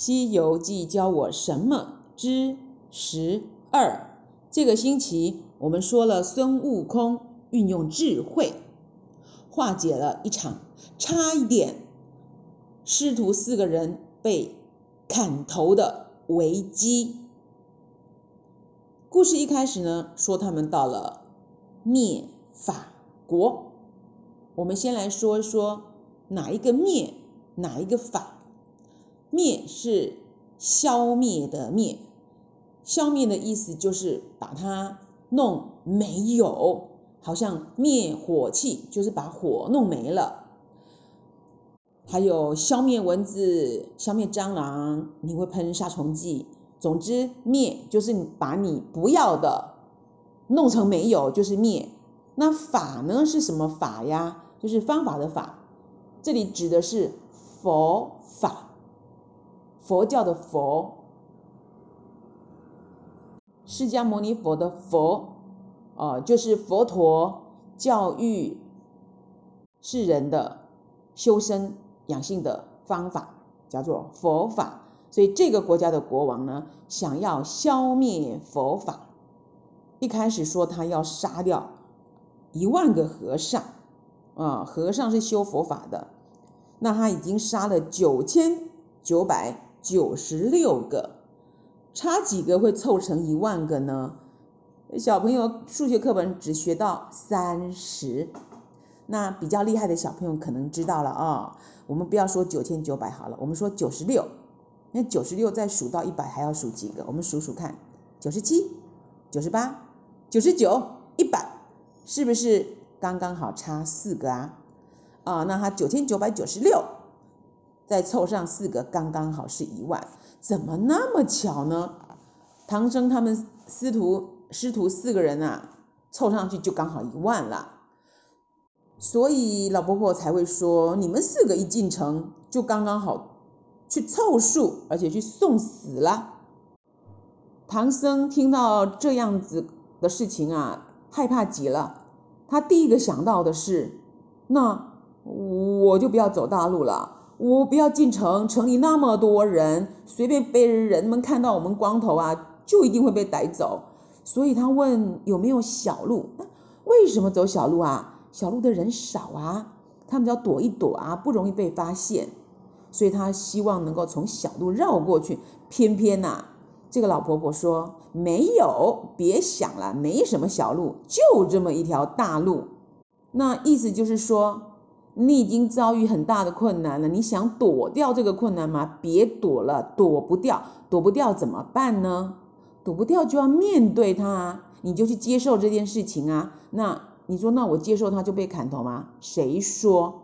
《西遊記》教我什麼之十二，這個星期我們說了孫悟空運用智慧化解了一場差一點師徒四個人被砍頭的危機。故事一開始呢，說他們到了滅法國。我們先來說一說哪一個滅，哪一個法。滅是消滅的滅，消滅的意思就是把它弄沒有，好像滅火器就是把火弄沒了。還有消滅蚊子、消滅蟑螂，你會噴殺蟲劑。總之滅，滅就是把你不要的弄成沒有，就是滅。那法呢？是什麼法呀？就是方法的法，這裡指的是佛法。佛教的佛，釋迦牟尼佛的佛，啊、呃，就是佛陀教育世人的修身養性的方法，叫做佛法。所以這個國家的國王呢，想要消滅佛法。一開始說他要殺掉一萬個和尚，啊、呃，和尚是修佛法的。那他已經殺了九千九百。九十六個，差幾個會湊成一萬個呢？小朋友數學課本只學到三十，那比較厲害的小朋友可能知道了啊、哦。我們不要說九千九百好了，我們說九十六，那九十六再數到一百還要數幾個？我們數數看，九十七、九十八、九十九、一百，是不是剛剛好差四個啊？啊、哦，那它九千九百九十六。再湊上四個，剛剛好是一萬。怎麼那麼巧呢？唐僧他們師徒師徒四個人啊，湊上去就剛好一萬了。所以老婆婆才會說：“你們四個一進城，就剛剛好去湊數，而且去送死了。”唐僧聽到這樣子的事情啊，害怕極了。他第一個想到的是：“那我就不要走大路了。”我不要進城，城裡那麼多人，隨便被人們看到我們光頭啊，就一定會被逮走。所以他問有沒有小路？那為什麼走小路啊？小路的人少啊，他們要躲一躲啊，不容易被發現。所以他希望能夠從小路繞過去，偏偏呢啊，這個老婆婆說沒有，別想了，沒什麼小路，就這麼一條大路。那意思就是說，你已經遭遇很大的困難了，你想躲掉這個困難嗎？別躲了，躲不掉，躲不掉怎麼辦呢？躲不掉就要面對它，你就去接受這件事情啊。那你說，那我接受它就被砍頭嗎？誰說？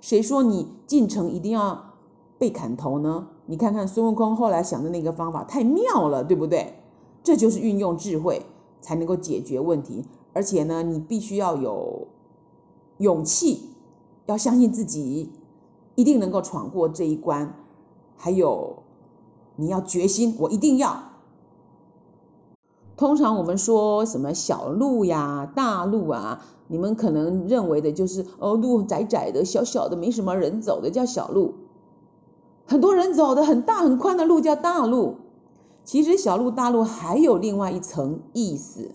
誰說你進城一定要被砍頭呢？你看看孫悟空後來想的那個方法，太妙了，對不對？這就是運用智慧才能夠解決問題，而且呢，你必須要有勇氣。要相信自己，一定能夠闖過這一關。還有，你要決心，我一定要。通常我們說什麼小路呀、大路啊，你們可能認為的就是哦，路窄窄的、小小的，沒什麼人走的叫小路；很多人走的很大、很寬的路叫大路。其實小路、大路還有另外一層意思。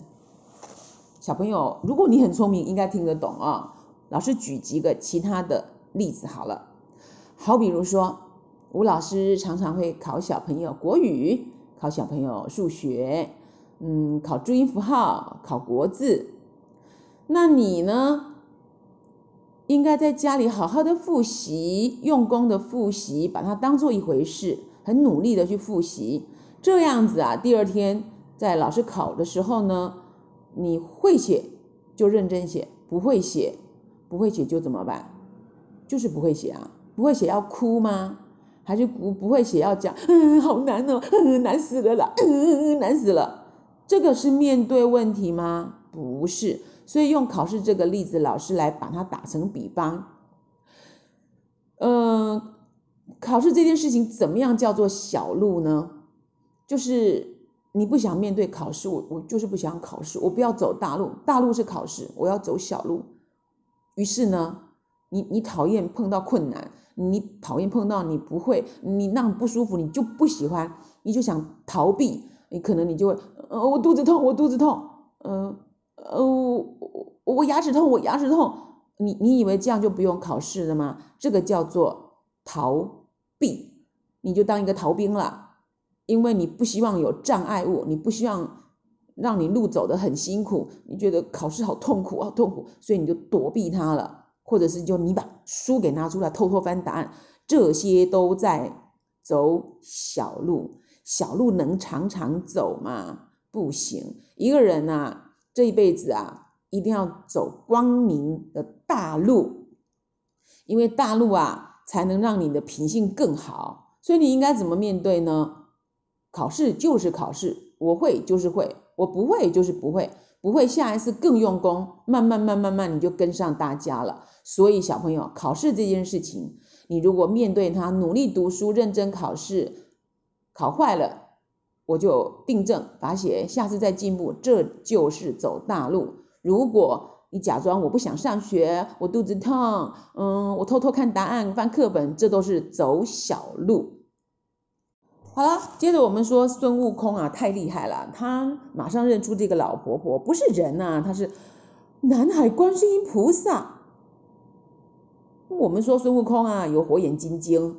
小朋友，如果你很聰明，應該聽得懂啊。老師舉幾個其他的例子好了好，好比如說，吳老師常常會考小朋友國語，考小朋友數學，嗯，考注音符號，考國字。那你呢，應該在家裡好好的複習，用功的複習，把它當做一回事，很努力的去複習。這樣子啊，第二天在老師考的時候呢，你會寫就認真寫，不會寫。不會寫就怎麼辦？就是不會寫啊！不會寫要哭嗎？還是不不會寫要講？嗯，好難哦，呵呵，難死了啦，嗯，難死了。這個是面對問題嗎？不是。所以用考試這個例子，老師來把它打成比方。嗯、呃，考試這件事情怎麼樣叫做小路呢？就是你不想面對考試，我我就是不想考試，我不要走大路，大路是考試，我要走小路。於是呢，你你討厭碰到困難，你討厭碰到你不會，你讓不舒服，你就不喜歡，你就想逃避，你可能你就會，呃，我肚子痛，我肚子痛，嗯，呃，哦，呃，我我牙齒痛，我牙齒痛，你你以為這樣就不用考試了嗎？這個叫做逃避，你就當一個逃兵了，因為你不希望有障礙物，你不希望。讓你路走得很辛苦，你覺得考試好痛苦，好痛苦，所以你就躲避它了，或者是就你把書給拿出來偷偷翻答案，這些都在走小路，小路能常常走嗎？不行，一個人啊，這一輩子啊，一定要走光明的大路，因為大路啊，才能讓你的品性更好。所以你應該怎麼面對呢？考試就是考試，我會就是會。我不會，就是不會，不會，下一次更用功，慢慢、慢、慢慢，你就跟上大家了。所以小朋友，考試這件事情，你如果面對它努力讀書、認真考試，考壞了，我就訂正、罰寫，下次再進步，這就是走大路。如果你假裝我不想上學，我肚子痛，嗯，我偷偷看答案、翻課本，這都是走小路。好了，接着我們說孫悟空啊，太厲害了。他馬上認出這個老婆婆不是人呐、啊，她是南海觀世音菩薩。我們說孫悟空啊有火眼金睛，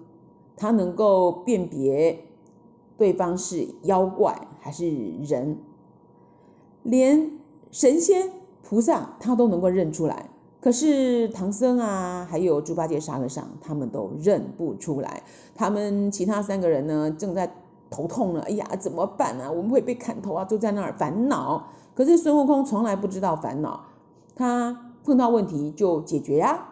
他能夠辨別對方是妖怪還是人，連神仙菩薩他都能夠認出來。可是唐僧啊，還有豬八戒、沙和尚，他們都認不出來。他們其他三個人呢，正在頭痛呢。哎呀，怎麼辦呢、啊？我們會被砍頭啊！都在那兒煩惱。可是孫悟空從來不知道煩惱，他碰到問題就解決呀、啊。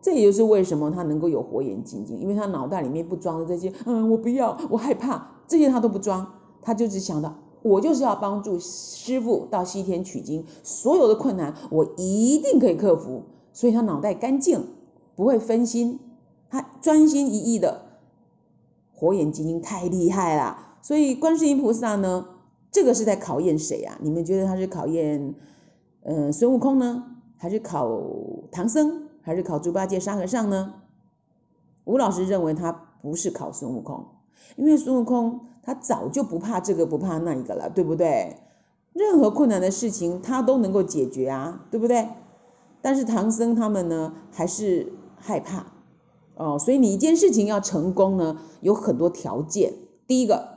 這也就是為什麼他能夠有火眼金睛，因為他腦袋裡面不裝的這些。嗯，我不要，我害怕，這些他都不裝，他就只想到。我就是要幫助師傅到西天取經，所有的困難我一定可以克服，所以他腦袋乾淨，不會分心，他專心一意的，火眼金睛太厲害了。所以觀世音菩薩呢，這個是在考驗誰啊？你們覺得他是考驗，嗯，孫悟空呢，還是考唐僧，還是考豬八戒、沙和尚呢？吳老師認為他不是考孫悟空。因為孫悟空他早就不怕這個不怕那個了，對不對？任何困難的事情他都能夠解決啊，對不對？但是唐僧他們呢，還是害怕哦，所以你一件事情要成功呢，有很多條件。第一個，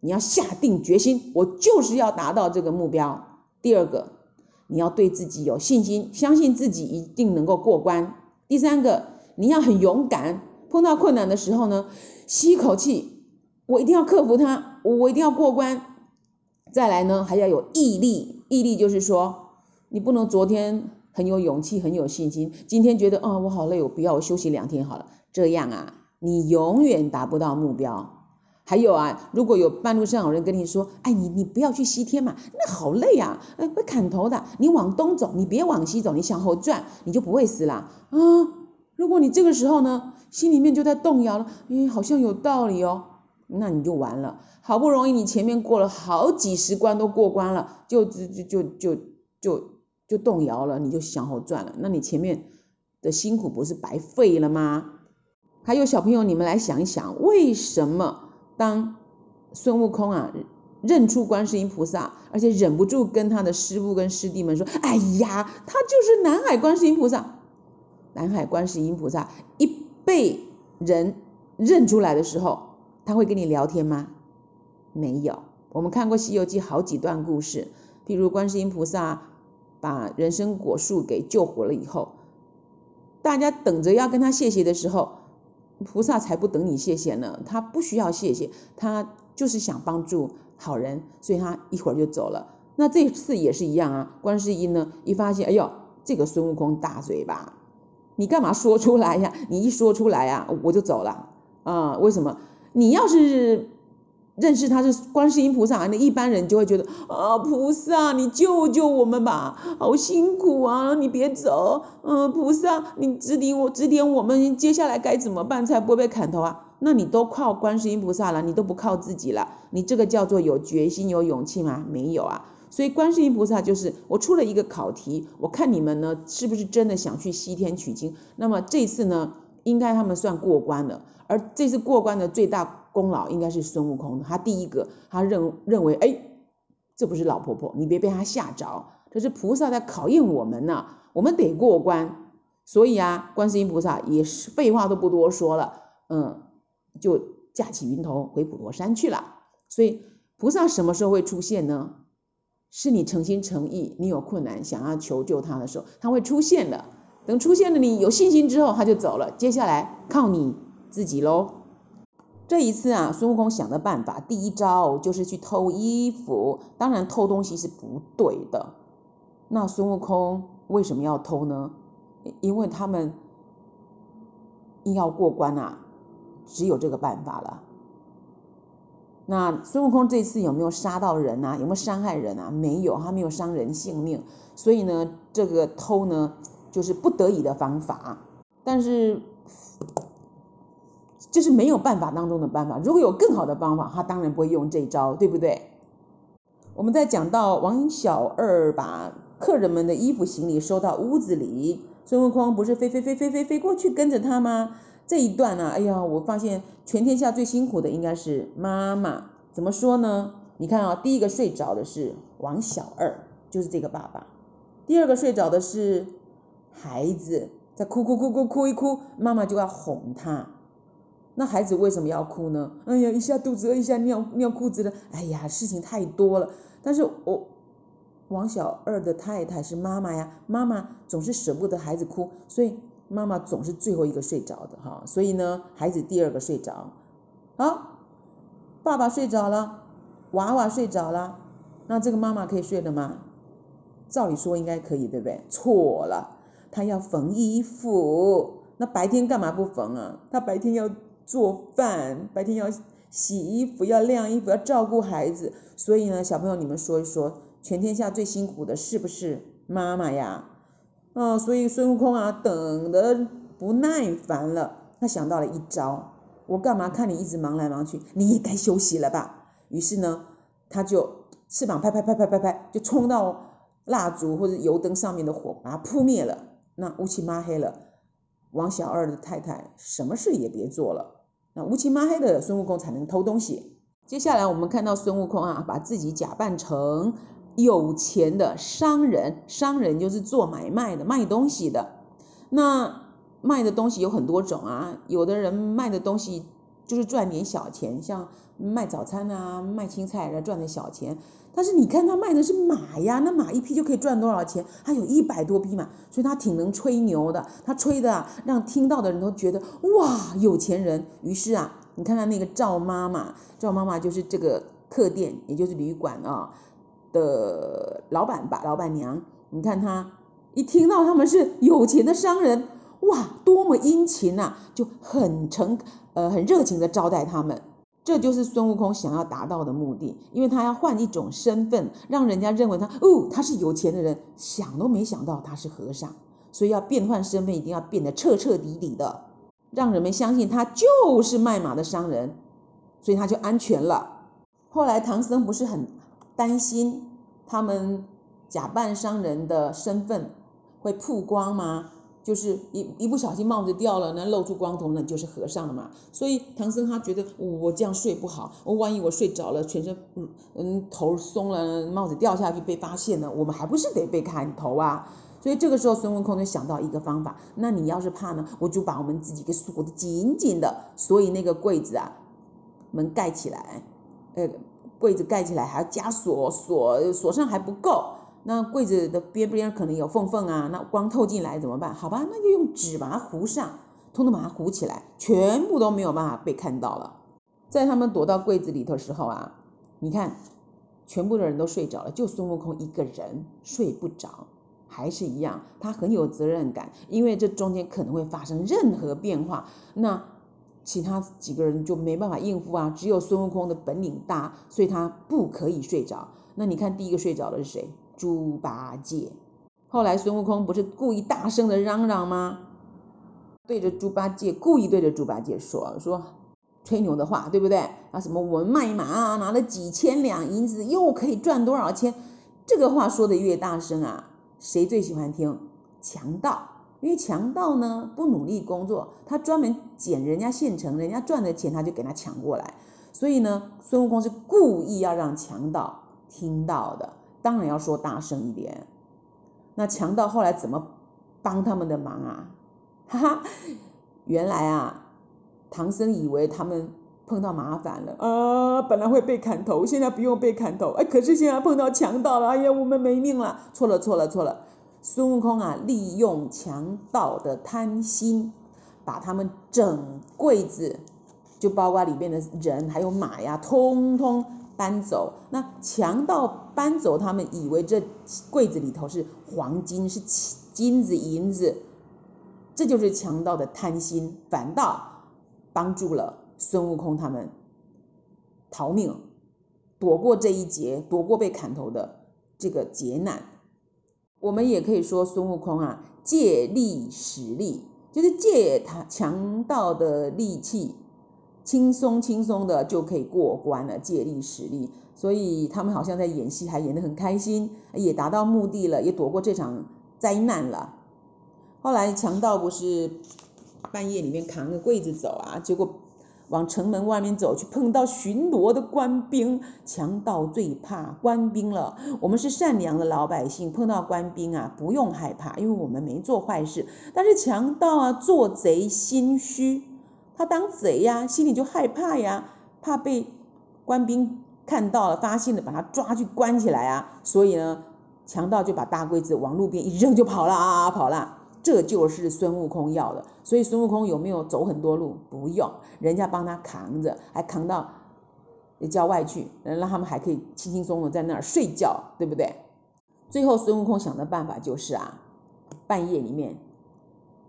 你要下定決心，我就是要達到這個目標。第二個，你要對自己有信心，相信自己一定能夠過關。第三個，你要很勇敢，碰到困難的時候呢。吸口氣，我一定要克服它，我一定要過關。再來呢，還要有毅力，毅力就是說，你不能昨天很有勇氣、很有信心，今天覺得啊、哦、我好累，我不要，我休息兩天好了。這樣啊，你永遠達不到目標。還有啊，如果有半路上有人跟你說，哎，你你不要去西天嘛，那好累啊，被、呃、會砍頭的。你往東走，你別往西走，你向後轉，你就不會死啦。啊、嗯。如果你這個時候呢，心裡面就在動搖了，誒、哎、好像有道理哦，那你就完了。好不容易你前面過了好幾十關都過關了，就就就就就就動搖了，你就想向後轉，了，那你前面的辛苦不是白費了嗎？還有小朋友，你們來想一想，為什麼當孫悟空啊認出觀世音菩薩，而且忍不住跟他的師父跟師弟們說，哎呀，他就是南海觀世音菩薩。南海觀世音菩薩一被人認出來的時候，他會跟你聊天嗎？沒有。我們看過《西遊記》好幾段故事，譬如觀世音菩薩把人參果樹給救活了以後，大家等着要跟他謝謝的時候，菩薩才不等你謝謝呢。他不需要謝謝，他就是想幫助好人，所以他一會兒就走了。那這次也是一樣啊，觀世音呢，一發現，哎呦，這個孫悟空大嘴巴。你幹嘛說出來呀？你一說出來呀，我就走了啊。嗯，為什麼？你要是認識他是觀世音菩薩，那一般人就會覺得啊，哦，菩薩，你救救我們吧，好辛苦啊，你別走，嗯，菩薩，你指點我，指點我們接下來該怎麼辦才不會被砍頭啊？那你都靠觀世音菩薩了，你都不靠自己了，你這個叫做有決心、有勇氣嗎？沒有啊。所以觀世音菩薩就是我出了一個考題，我看你們呢是不是真的想去西天取經。那麼這次呢，應該他們算過關了。而這次過關的最大功勞應該是孫悟空，他第一個，他認認為，哎，這不是老婆婆，你別被他嚇着，這是菩薩在考驗我們呢、啊，我們得過關。所以啊，觀世音菩薩也是廢話都不多說了，嗯，就架起雲頭回普陀山去了。所以菩薩什麼時候會出現呢？是你誠心誠意，你有困難想要求救他的時候，他會出現的。等出現了，你有信心之後，他就走了。接下來靠你自己嘍。這一次啊，孫悟空想的辦法，第一招就是去偷衣服。當然，偷東西是不對的。那孫悟空為什麼要偷呢？因為他們硬要過關啊，只有這個辦法了。那孫悟空這次有沒有殺到人啊？有沒有傷害人啊？沒有，他沒有傷人性命。所以呢，這個偷呢，就是不得已的方法。但是，這是沒有辦法當中的辦法。如果有更好的方法，他當然不會用這招，對不對？我們在講到王小二把客人們的衣服行李收到屋子裡，孫悟空不是飛飛飛飛飛飛過去跟着他嗎？這一段呢、啊，哎呀，我發現全天下最辛苦的應該是媽媽。怎麼說呢？你看啊、哦，第一個睡着的是王小二，就是這個爸爸；第二個睡着的是孩子，在哭哭哭哭哭一哭，媽媽就要哄他。那孩子為什麼要哭呢？哎呀，一下肚子餓，一下尿尿褲子了，哎呀，事情太多了。但是我、哦、王小二的太太是媽媽呀，媽媽總是捨不得孩子哭，所以。媽媽總是最後一個睡着的哈，所以呢，孩子第二個睡着，好、啊，爸爸睡着了，娃娃睡着了，那這個媽媽可以睡了嗎？照理說應該可以，對不對？錯了，她要縫衣服，那白天幹嘛不縫啊？她白天要做飯，白天要洗衣服、要晾衣服、要照顧孩子，所以呢，小朋友你們說一說，全天下最辛苦的是不是媽媽呀？嗯，所以孫悟空啊等得不耐煩了，他想到了一招，我幹嘛看你一直忙來忙去，你也該休息了吧？於是呢，他就翅膀拍拍拍拍拍拍，就衝到蠟燭或者油燈上面的火，把它撲滅了。那烏漆抹黑了，王小二的太太什麼事也別做了。那烏漆抹黑的孫悟空才能偷東西。接下來我們看到孫悟空啊，把自己假扮成。有錢的商人，商人就是做買賣的，賣東西的。那賣的東西有很多種啊，有的人賣的東西就是賺點小錢，像賣早餐啊、賣青菜來賺點小錢。但是你看他賣的是馬呀，那馬一匹就可以賺多少錢？他有一百多匹馬，所以他挺能吹牛的。他吹的、啊、讓聽到的人都覺得哇，有錢人。於是啊，你看看那個趙媽媽，趙媽媽就是這個客店，也就是旅館啊、哦。的老闆吧，老闆娘，你看他一聽到他們是有錢的商人，哇，多麼殷勤吶、啊，就很誠呃很熱情的招待他們。這就是孫悟空想要達到的目的，因為他要換一種身份，讓人家認為他哦他是有錢的人，想都沒想到他是和尚，所以要變換身份一定要變得徹徹底底的，讓人們相信他就是賣馬的商人，所以他就安全了。後來唐僧不是很。擔心他們假扮商人的身份會曝光嗎？就是一一不小心帽子掉了，那露出光頭呢，那就是和尚了嘛。所以唐僧他覺得，哦，我這樣睡不好，我萬一我睡着了，全身嗯嗯頭鬆了，帽子掉下去被發現了，我們還不是得被砍頭啊？所以這個時候孫悟空就想到一個方法，那你要是怕呢，我就把我們自己給鎖得緊緊的，所以那個櫃子啊，門蓋起來，呃櫃子蓋起來還要加鎖，鎖，鎖鎖上還不夠，那櫃子的邊邊可能有縫縫啊，那光透進來怎麼辦？好吧，那就用紙把它糊上，通通把它糊起來，全部都沒有辦法被看到了。在他們躲到櫃子裡頭時候啊，你看，全部的人都睡着了，就孫悟空一個人睡不着，還是一樣，他很有責任感，因為這中間可能會發生任何變化。那其他幾個人就沒辦法應付啊，只有孫悟空的本領大，所以他不可以睡着。那你看第一個睡着的是誰？豬八戒。後來孫悟空不是故意大聲的嚷嚷嗎？對着豬八戒，故意對着豬八戒說說吹牛的話，對不對？啊，什麼我賣馬啊，拿了幾千兩銀子，又可以賺多少錢？這個話說的越大聲啊，誰最喜歡聽？強盜。因為強盜呢，不努力工作，他專門撿人家現成人家賺的錢，他就給他搶過來。所以呢，孫悟空是故意要讓強盜聽到的，當然要說大聲一點。那強盜後來怎麼幫他們的忙啊？哈哈，原來啊，唐僧以為他們碰到麻煩了，啊、呃，本來會被砍頭，現在不用被砍頭，哎，可是現在碰到強盜了，哎呀，我們沒命了。錯了，錯了，錯了。孫悟空啊，利用強盜的貪心，把他們整櫃子，就包括裡面的人還有馬呀、啊，通通搬走。那強盜搬走他們，以為這櫃子裡頭是黃金，是金子、銀子，這就是強盜的貪心，反倒幫助了孫悟空他們逃命，躲過這一劫，躲過被砍頭的這個劫難。我們也可以說孫悟空啊，借力使力，就是借他強盜的力氣，輕鬆輕鬆的就可以過關了。借力使力，所以他們好像在演戲，還演得很開心，也達到目的了，也躲過這場災難了。後來強盜不是半夜裡面扛個櫃子走啊，結果。往城門外面走去，碰到巡邏的官兵，強盜最怕官兵了。我們是善良的老百姓，碰到官兵啊，不用害怕，因為我們沒做壞事。但是強盜啊，做賊心虛，他當賊呀，心裡就害怕呀，怕被官兵看到了、發現了，把他抓去關起來啊。所以呢，強盜就把大櫃子往路邊一扔就跑了啊，跑了。這就是孫悟空要的，所以孫悟空有沒有走很多路？不用，人家幫他扛着，還扛到郊外去，讓他們還可以輕輕鬆鬆在那兒睡覺，對不對？最後孫悟空想的辦法就是啊，半夜裡面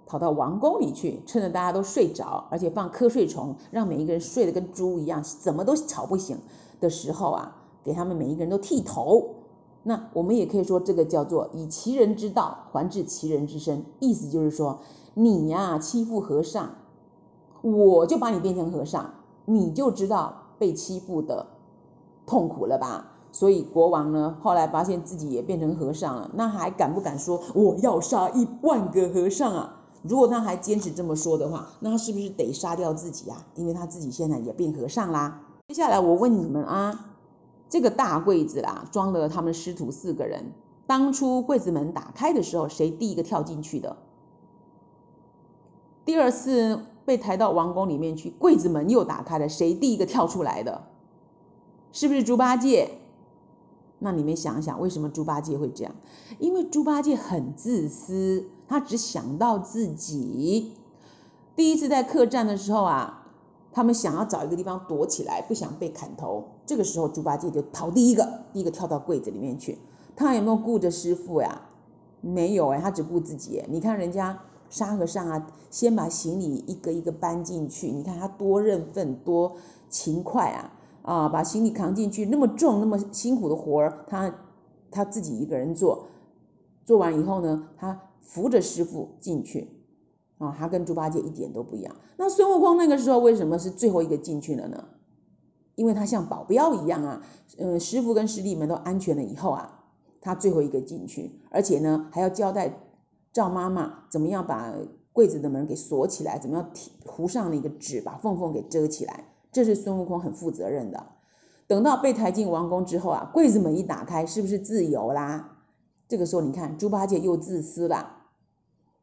跑到王宮裡去，趁着大家都睡着，而且放瞌睡蟲，讓每一個人睡得跟豬一樣，怎麼都吵不醒的時候啊，給他們每一個人都剃頭。那我們也可以說，這個叫做以其人之道還治其人之身，意思就是說，你呀、啊、欺負和尚，我就把你變成和尚，你就知道被欺負的痛苦了吧？所以國王呢，後來發現自己也變成和尚了，那還敢不敢說我要殺一萬個和尚啊？如果他還堅持這麼說的話，那他是不是得殺掉自己啊？因為他自己現在也變和尚啦。接下來我問你們啊。這個大櫃子啦，裝了他們師徒四個人。當初櫃子門打開的時候，誰第一個跳進去的？第二次被抬到王宮裡面去，櫃子門又打開了，誰第一個跳出來的？是不是豬八戒？那你們想一想，為什麼豬八戒會這樣？因為豬八戒很自私，他只想到自己。第一次在客棧的時候啊，他們想要找一個地方躲起來，不想被砍頭。這個時候，豬八戒就逃第一個，第一個跳到櫃子裡面去。他有沒有顧着師父呀？沒有哎，他只顧自己。你看人家沙和尚啊，先把行李一個一個搬進去。你看他多認份，多勤快啊！啊，把行李扛進去，那麼重，那麼辛苦的活兒，他他自己一個人做。做完以後呢，他扶着師父進去。啊，他跟豬八戒一點都不一樣。那孫悟空那個時候為什麼是最後一個進去了呢？因為他像保鏢一樣啊，嗯、呃，師父跟師弟們都安全了以後啊，他最後一個進去，而且呢還要交代趙媽媽怎麼樣把櫃子的門給鎖起來，怎麼樣貼糊上了一個紙把縫縫給遮起來，這是孫悟空很負責任的。等到被抬進王宮之後啊，櫃子門一打開，是不是自由啦？這個時候你看豬八戒又自私了，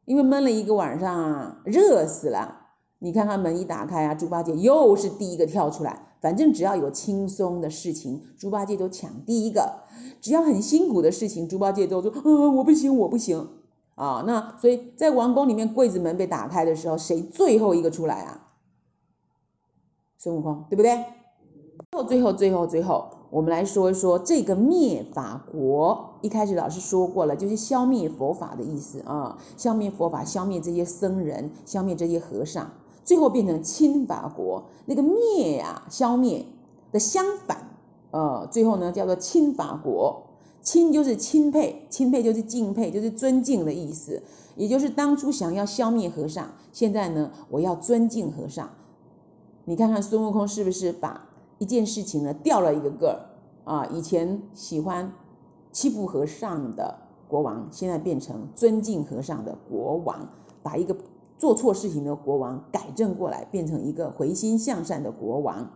因為悶了一個晚上啊，熱死了。你看看門一打開啊，豬八戒又是第一個跳出來。反正只要有輕鬆的事情，豬八戒都搶第一個；只要很辛苦的事情，豬八戒都說：“嗯，我不行，我不行。”哦，啊，那所以在王宮裡面，櫃子門被打開的時候，誰最後一個出來啊？孫悟空，對不對？最後，最後，最後，最後，我們來說一說這個滅法國。一開始老師說過了，就是消滅佛法的意思啊，嗯，消滅佛法，消滅這些僧人，消滅這些和尚。最後變成欽法國，那個滅呀，啊，消滅的相反，呃，最後呢叫做欽法國，欽就是欽佩，欽佩就是敬佩，就是尊敬的意思，也就是當初想要消滅和尚，現在呢我要尊敬和尚。你看看孫悟空是不是把一件事情呢掉了一個個兒啊，呃？以前喜歡欺負和尚的國王，現在變成尊敬和尚的國王，把一個。做錯事情的國王改正過來，變成一個回心向善的國王。